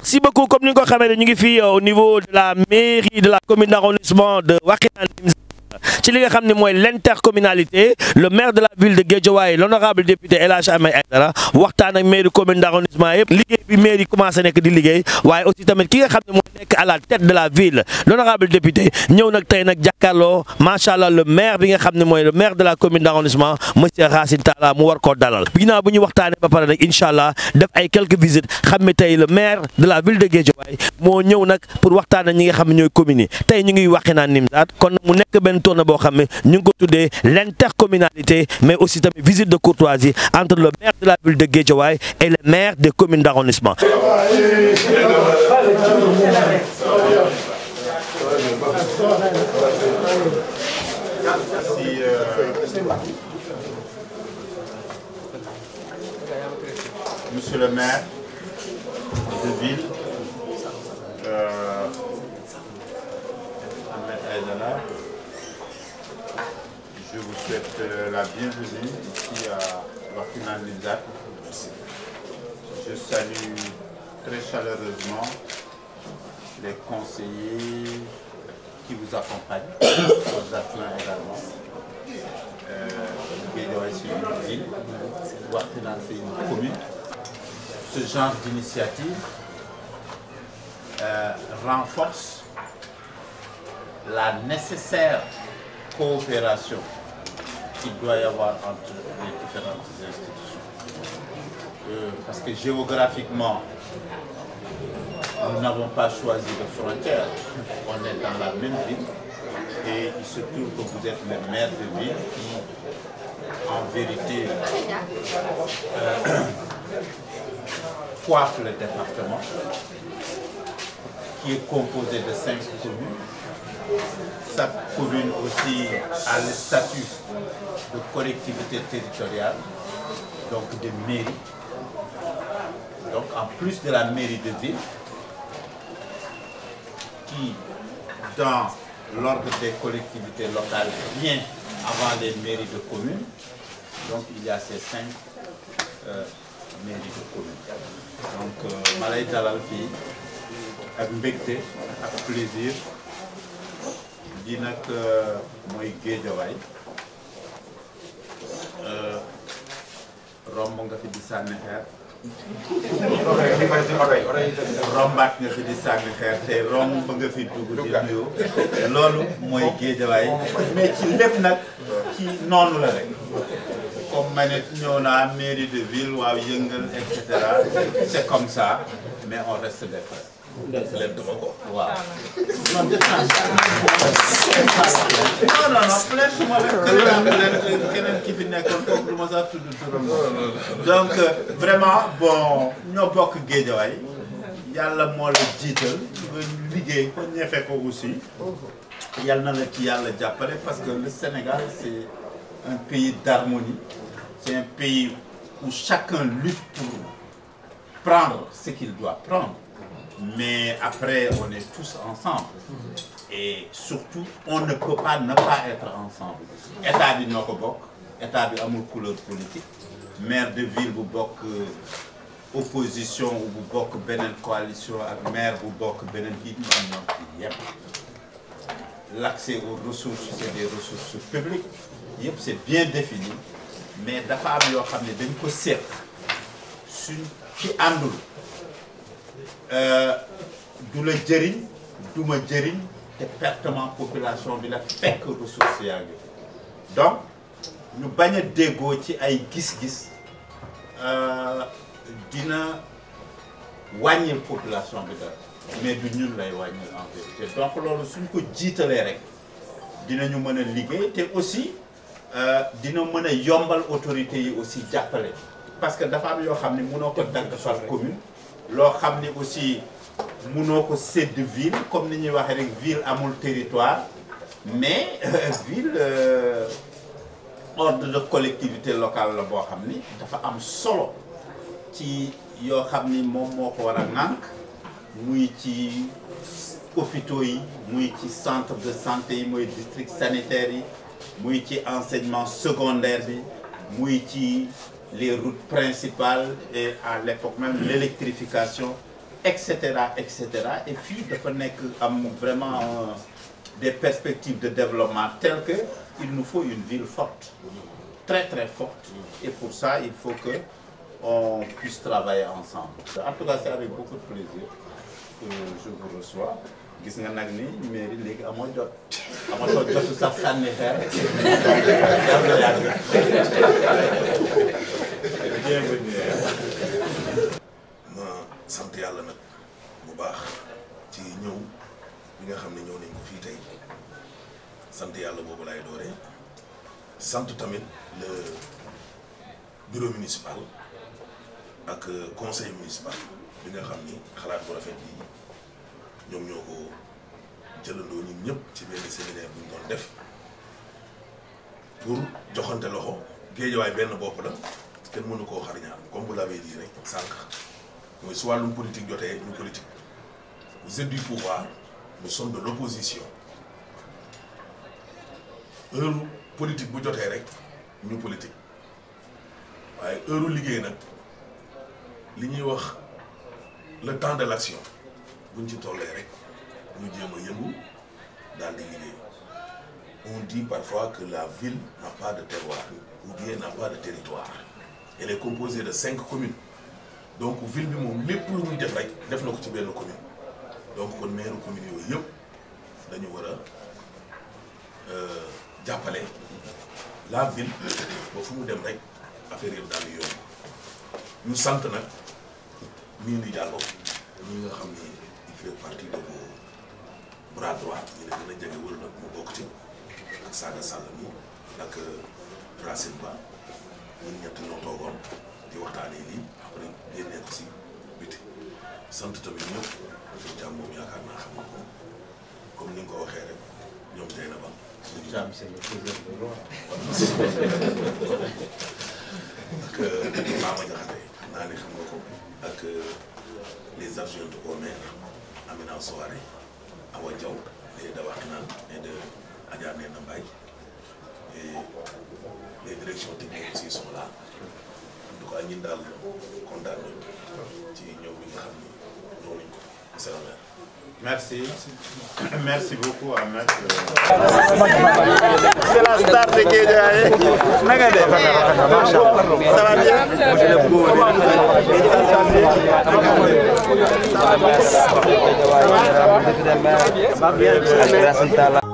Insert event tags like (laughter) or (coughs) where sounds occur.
merci beaucoup comme ni nga ko xamee ne ñu ngi fii euh, au niveau de la mairie de la commune d'arrondissement de Wakhinane ci li nga xam ne mooy l'intercommunalité le maire de la ville de Guédiawaye l'honorable député El Hadj Ahmed Aïdara waxtaan ak commune d'arrondissement yëpp liggéey bi mairie commencé nekk di liggéey waaye aussi tamit ki nga xam ne mooy nekk à la tête de la ville l'honorable député ñëw nag tey nag jàkkaarloo macha le maire bi nga xam ne mooy le maire de la commune d'arrondissement monsieur Racine Talla mu war koo dalal ginnaaw bu ñu waxtaanee ba pare nag beneen tournée boo xam ne ñu ngi ko tuddee l'intercommunalité mais aussi tamit visite de courtoisie entre le maire de la ville de Guédiawaye et le maire des communes d'arrondissement vous souhaite euh, la bienvenue ici à Wakiman Lizac. Je salue très chaleureusement les conseillers qui vous accompagnent, également. Guédoué, c'est une ville, Wakiman, Ce genre d'initiative euh, renforce la nécessaire coopération qu'il doit y avoir entre les différentes institutions. Euh, parce que géographiquement, nous n'avons pas choisi de frontières. On est dans la même ville et il se trouve que vous êtes le maire de ville qui, en vérité, euh, (clears throat) coiffe le département qui est composé de cinq communes Sa commune aussi a le statut de collectivité territoriale, donc de mairie. Donc en plus de la mairie de ville, qui dans l'ordre des collectivités locales vient avant les mairies de communes, donc il y a cinq euh, mairies de communes. Donc euh, ma lay dalal fii ak plaisir ji nag euh, mooy géejawaay euh, romb nga fi di sànni xeer rombaat romb nga fi dugg di nuyu loolu mooy géejawaay mais ci lépp nag ci noonu la rek comme ma ne ñëw naa mairie de ville waaw yëngal et cetera comme ça mais on reste leen duma ko waaw. non def naa non non non plaire su ma leen keneen ki fi nekkoon kooku du ma sax tudd turam donc euh, vraiment bon ñoo bokk géejawaay yàlla moo la jiital nga liggéey ko ñefe ko aussi yal na la ci yàlla jàppale parce que le Sénégal c'est un pays d'harmonie c'est un pays où chacun lutte pour prendre ce qu'il doit prendre mais après, on est tous ensemble. Et surtout, on ne peut pas ne pas être ensemble. État bi ñoo ko bokk état bi amul couleur politique maire de ville bu bokk euh, opposition bu bokk beneen coalition ak maire bu bokk beneen kii bi am ñoom ci yépp l'accès aux ressources c'est des ressources publiques yépp c'est bien défini mais dafa am yoo xam ne dañ ko seet suñ Euh, du la jëriñ du jëriñ te pertement population bi la fekk ressource yaa ngi donc ñu bañ a déggoo ci ay gis-gis euh, dina wàññil population bi dara mais du ñun lay wàññil en donc loolu suñ ko jiitalee rek dinañu mën a liggéey te aussi euh, dina mën a yombal autorités yi aussi jàppale parce que dafa am yoo xam ne mënoo ko dagg sol commune loo xam ni aussi munoo ko sédd ville comme ni ñuy waxee rek ville amul territoire mais euh, ville euh, ordre de collectivité locale la boo xam ni dafa am solo ci yoo xam ni moom moo ko war a nànk muy ci hôpitaux yi muy ci centre de santé yi muy district sanitaire yi muy ci enseignement secondaire bi muy ci les routes principales et à l'époque même l'électrification etc cetera et fii dafa nekk am vraiment des perspectives de développement telles que il nous faut une ville forte très très forte et pour ça il faut que on puisse travailler ensemble en tout cas c'est beaucoup de plaisir que je vous reçois gis nga nag ni mairie léegi amoo jot amoo jot jotu sax sànni xeer yàlla yàgg sant yàlla boobu laay doore sant tamit le bureau municipal ak euh, conseil municipal bi nga xam ni xalaat bu rafet bi ñoom ñoo ko jëlandoo ñun ñëpp ci benn séminaire bu ñu def pour joxante loxo géej waaye benn bopp la kenn mënu koo xar comme vous l'avez dit rek sànq mooy su wàllum politique jotee ñu politique vous êtes du pouvoir nous sommes l'opposition heure politique bu jotee rek ñu politique waaye heure liggéey nag li ñuy wax le temps de l'action buñ ci tollee rek ñu jéem a yëngu daal di liggéey on dit parfois que la ville n'a pas de terroir ou bien n'a pas de territoire elle est composée de cinq communes donc ville bi moom lépp lu muy def rek def na ko ci benn commune donc kon maire commune yooyu yëpp dañu war a euh, jàppale la ville ba fu mu dem rek affaire yëpp daal di yomb ñu sant nag mii di jàllo ñi nga xam ni il fait partie de vos bras droit ñu ne gën a wër nag mu bokk ci ak Saga Sall mi ak Racine Ba ñun ñett ñoo toogoon di waxtaanee lii après génnee ko si biti sant tamit ñëpp suñu jàmm yaakaar naa xam nga ko comme ni nga ko waxee rek ñoom tey na ba Jam, c'est le trésor de roi. ak xam nga ko ak les adjoints au maire Amina Souare Awa Diaw les Dawakinan et de Adja Nena Mbaye et les directions techniques aussi sont là en tout cas daal kontaan nañu ci ñëw bi nga xam ni ñëw Merci. (coughs) Merci beaucoup à Maître. C'est la star de Guédiawaye. Naka def. Ça va bien. Ça va bien. Ça va bien.